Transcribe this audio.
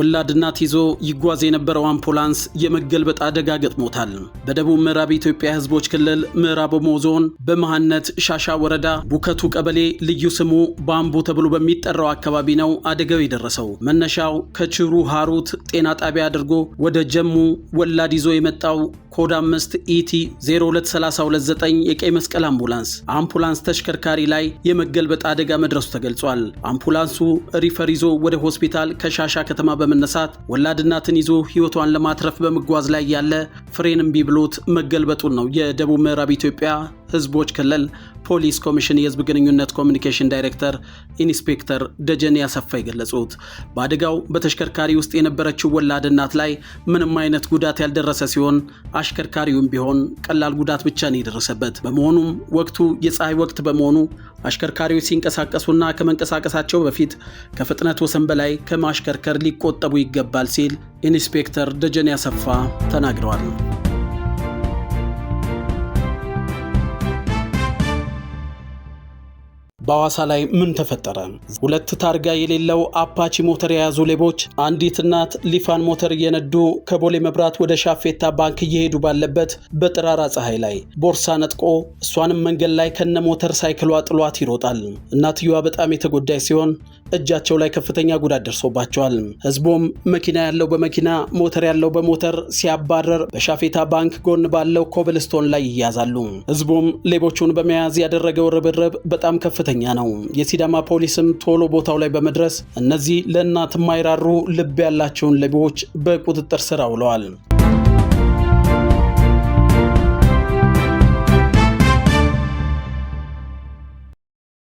ወላድ እናት ይዞ ይጓዝ የነበረው አምፑላንስ የመገልበጥ አደጋ ገጥሞታል። በደቡብ ምዕራብ ኢትዮጵያ ህዝቦች ክልል ምዕራብ ኦሞ ዞን በመሃነት ሻሻ ወረዳ ቡከቱ ቀበሌ ልዩ ስሙ ባምቡ ተብሎ በሚጠራው አካባቢ ነው አደጋው የደረሰው። መነሻው ከችሩ ሃሩት ጤና ጣቢያ አድርጎ ወደ ጀሙ ወላድ ይዞ የመጣው ኮድ 5 ኢቲ 02329 የቀይ መስቀል አምቡላንስ አምቡላንስ ተሽከርካሪ ላይ የመገልበጥ አደጋ መድረሱ ተገልጿል። አምቡላንሱ ሪፈር ይዞ ወደ ሆስፒታል ከሻሻ ከተማ በመነሳት ወላድ እናትን ይዞ ህይወቷን ለማትረፍ በመጓዝ ላይ ያለ ፍሬን እምቢ ብሎት መገልበጡን ነው የደቡብ ምዕራብ ኢትዮጵያ ህዝቦች ክልል ፖሊስ ኮሚሽን የህዝብ ግንኙነት ኮሚኒኬሽን ዳይሬክተር ኢንስፔክተር ደጀን አሰፋ የገለጹት በአደጋው በተሽከርካሪ ውስጥ የነበረችው ወላድ እናት ላይ ምንም አይነት ጉዳት ያልደረሰ ሲሆን አሽከርካሪውም ቢሆን ቀላል ጉዳት ብቻ ነው የደረሰበት። በመሆኑም ወቅቱ የፀሐይ ወቅት በመሆኑ አሽከርካሪዎች ሲንቀሳቀሱና ከመንቀሳቀሳቸው በፊት ከፍጥነት ወሰን በላይ ከማሽከርከር ሊቆጠቡ ይገባል ሲል ኢንስፔክተር ደጀኔ ያሰፋ ተናግረዋል። በአዋሳ ላይ ምን ተፈጠረ? ሁለት ታርጋ የሌለው አፓቺ ሞተር የያዙ ሌቦች አንዲት እናት ሊፋን ሞተር እየነዱ ከቦሌ መብራት ወደ ሻፌታ ባንክ እየሄዱ ባለበት በጠራራ ፀሐይ ላይ ቦርሳ ነጥቆ እሷንም መንገድ ላይ ከነ ሞተር ሳይክሏ ጥሏት ይሮጣል። እናትየዋ በጣም የተጎዳይ ሲሆን እጃቸው ላይ ከፍተኛ ጉዳት ደርሶባቸዋል። ህዝቡም መኪና ያለው በመኪና ሞተር ያለው በሞተር ሲያባረር በሻፌታ ባንክ ጎን ባለው ኮብልስቶን ላይ ይያዛሉ። ህዝቡም ሌቦቹን በመያዝ ያደረገው ርብርብ በጣም ከፍተኛ ከፍተኛ ነው። የሲዳማ ፖሊስም ቶሎ ቦታው ላይ በመድረስ እነዚህ ለእናት የማይራሩ ልብ ያላቸውን ለቢዎች በቁጥጥር ስር አውለዋል።